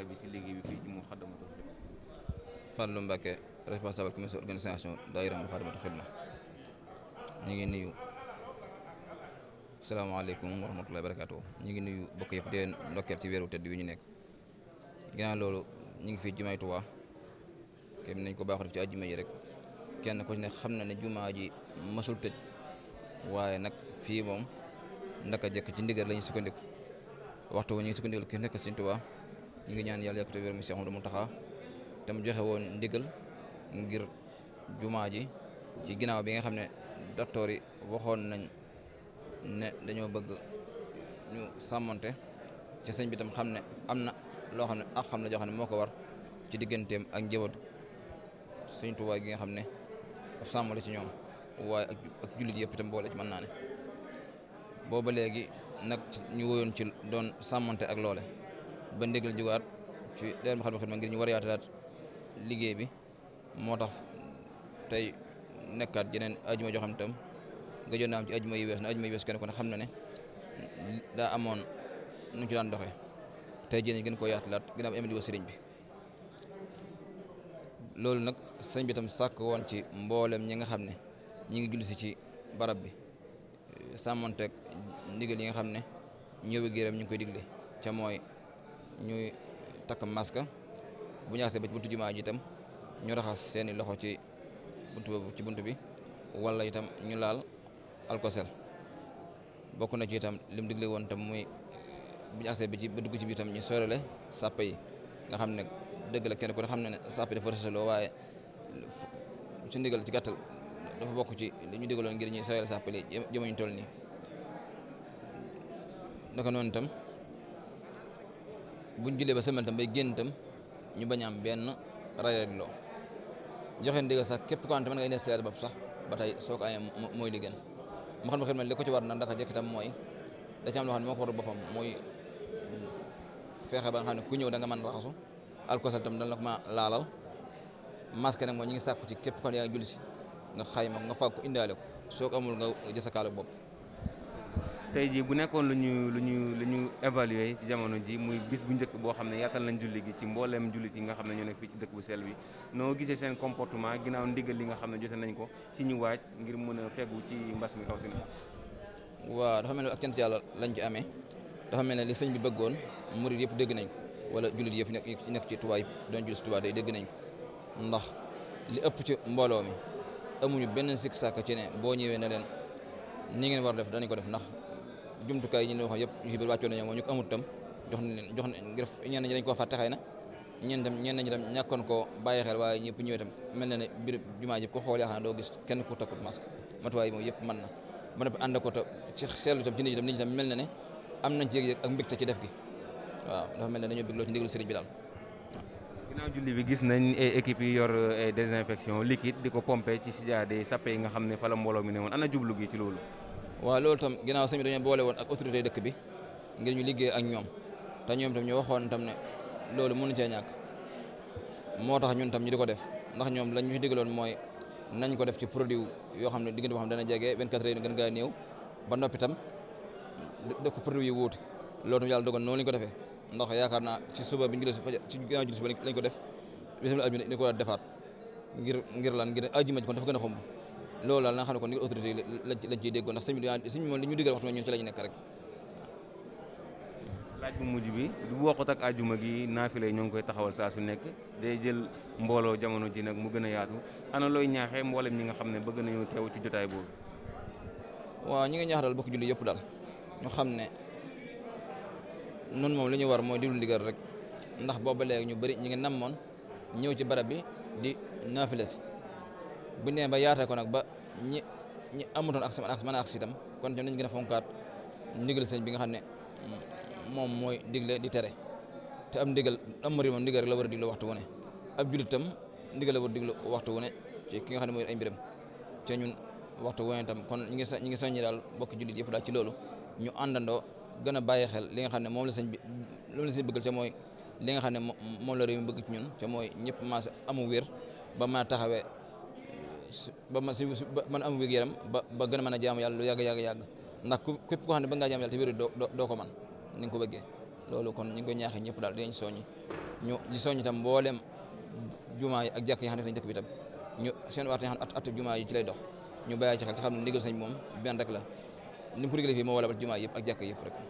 taxawaay bi ci liggéey bi fii ci Moukhaddamatoul Khidma. Fallou Mbacké ñu ngi nuyu salaamaaleykum wa ñu ngi nuyu bokk yëpp di leen ndokkeel ñu nekk ñu ngi fii jumaay nañ ko baaxoo def ci àjjuma yi rek kenn ku ci xam na ne jumaa ji masul tëj nag fii moom ndaka jekk ci ndigal lañu sukkandiku ñu ngi ñaan yàlla yàkkate wér mu Cheikh Ahmadou Mountakha te mu joxe woon ndigal ngir jumaa ji ci ginnaaw bi nga xam ne docteur yi waxoon nañ ne dañoo bëgg ñu sàmmante ci sëñ bi tam xam ne am na loo xam ne ak xam la joo xam ne moo ko war ci digganteem ak njaboot sëñ Tuubaa gi nga xam ne daf sàmmale ci ñoom waaye ak jullit yëpp itam boole ci mën naa ne booba léegi nag ñu woyoon ci doon sàmmante ak loole ba ndigal jugaat ci daayira Moukhaddamatoul Khidma war a yaatalaat liggéey bi moo tax tey nekkaat jeneen ajuma joo xam tam gëjoon naa am ci ajuma yi wees na ajuma yi wees kenn kon xam na ne daa amoon nu ci daan doxee tey jii gën ko yaatalaat gën a am émili wa sëriñ bi loolu nag sëñ bi tam sàkk woon ci mboolem ñi nga xam ne ñi ngi jull si ci barab bi sàmmonteeg ndigal yi nga xam ne ñëw gërëm ñu ngi koy digle ca mooy ñuy takk masque bu ñu àgsee ba ci buntu jumaa ji itam ñu raxas seeni loxo ci buntu boobu ci buntu bi wala itam ñu laal alkosel bokk na ci itam lim digle woon tam muy bu ñu bi ci ba dugg ci bi itam ñu sorale sàppe yi nga xam ne dégg la kenn ku ne xam ne ne sàppe dafa rësaloo waaye ci ndigal ci gàttal dafa bokk ci li ñu digaloon ngir ñuy sorale sàppe li jëmañu toll nii naka noonu itam buñ jullee ba sëlmal tam bay génn tam ñu bañ am benn rayal bi loo joxe ndigal sax képp ko ante mën nga sax ba tey soo ko mooy li gën ma xam ne li ci war na ndax jëkk tam mooy da boppam mooy fexe ba nga xam ne ku ñëw da nga mën raxasu alkosal tam dañ la ma laalal nag mooy ñu ngi sàkku képp ko yaa ngi julli si nga nga fàgg ko indaale ko soo ko amul nga jësakaale bopp tey jii bu nekkoon lu ñu lu ñu lu ñu évaluer ci jamono ji muy bis bu njëkk boo xam ne yaatal nañ julli gi ci mbooleem jullit yi nga xam ne ñoo nekk fii ci dëkk bu noo gisee seen comportement ginnaaw li nga xam ne jote nañ ko ci ñu waaj ngir mën a fegu ci mbas mi rawatina. waaw dafa mel ne ak lañ ci amee dafa mel ne li sëñ bi bëggoon murid yëpp dégg nañ ko wala jullit yëpp nekk nekk ci tubaay doon jullit tubaay day dégg nañ ko ndax li ëpp ci mbooloo mi amuñu benn sikk sàkk ci ne boo ñëwee ne leen ni ngeen war def danañ ko def ndax jumtukaay yi ñu waxoon yëpp jubal wàccoon nañu moom ñu ko amut tam jox nañ jox nañ ñenn ñi dañ fàtte xëy na ñenn tam ñenn ñi tam ñàkkoon ko bàyyi xel waaye ñëpp ñëwee tam mel na ne biir jumaa ji ko xoolee xam ne doo gis kenn ku takkut masque matuwaay yi moom yëpp mën na ba noppi ànd ko ta ci seetlu tam ci nit ñi tam mel na ne am nañ ci yëg-yëg ci def gi waaw dafa mel ne dañoo bégloo ci ndigalu bi daal ginnaaw julli bi gis nañ ay équipe yi yor ay désinfection liquide di ko pompé ci sijaade yi sappe yi nga xam ne fa la mbooloo mi ne woon ana jublu gi ci loolu waaw loolu tam ginnaaw sëñ bi dañoo boole woon ak autorité dëkk bi ngir ñu liggéey ak ñoom te ñoom tam ñoo waxoon tam ne loolu mënu cee ñàkk moo tax ñun tam ñu di ko def ndax ñoom lañu ñu ci digaloon mooy nañ ko def ci produit yoo xam ne diggante boo xam ne dana jege 24 heures gën gaa néew ba noppi tam dëkk produit yi wuute loolu tam yàlla dogal noonu lañ ko defee ndax yaakaar naa ci suba bi ñu gisee ci ginnaaw suba lañ ko def bi alhamdulilah dañ ko daal defaat ngir ngir lan ngir ajjuma ji kon dafa gën a xomb loolu la nga xam ne kon ni autorité yi lañ ci déggoo ndax sëñ bi sëñ bi moom li ñu digal waxtu ñun ñu bu mujj bi du bokkut ak àjjuma gi naafile ñoo ngi koy taxawal saa su nekk day jël mbooloo jamono ji nag mu gën a yaatu ana looy ñaaxee mboolem ñi nga xam ne bëgg nañu teew ci jotaay boobu waaw ñi nga ñaax daal bokk julli yëpp daal ñu xam ne noonu moom li ñu war mooy diglu ndigal rek ndax booba léegi ñu bari ñi ngi nam moon ñëw ci barab bi di naafile si bu demee ba yaatal ko nag ba ñi ñi amutoon ak ak mën a agsi itam kon ñoom nañ gën a fonkaat ndigal sëñ bi nga xam ne moom mooy digle di tere te am ndigal am mari moom ndigal la war a diglu waxtu wu ne ab jullit tam ndigal la war a waxtu wu ne ki nga xam ne mooy ay mbiram te ñun waxtu wu ne tam kon ñu ngi ñi ngi soññi daal bokki jullit yëpp daal ci loolu ñu àndandoo gën a bàyyi xel li nga xam ne moom la sëñ bi loolu la sëñ bëggal ca mooy li nga xam ne moom la réew mi bëgg ci ñun ca mooy ñëpp maase amu wér ba mën a taxawee ba ma si ba mën am wér yaram ba ba gën a mën a jaamu yàlla lu yàgg yàgg yàgg ndax ku képp koo xam ne bëgg ngaa jaamu yàlla te wér doo ko man ni nga ko bëggee loolu kon ñu ngi koy ñaaxee ñëpp daal dinañ soññi ñu di soññi tam mboolem jumaa yi ak jàkk yi xam ne nañ bi tam ñu seen waat xam at at yi ci lay dox ñu bàyyi ci xel te xam ne ndigal sañ moom benn rek la ni mu ko digalee fii moo wala ba jumaa yëpp ak jàkk yëpp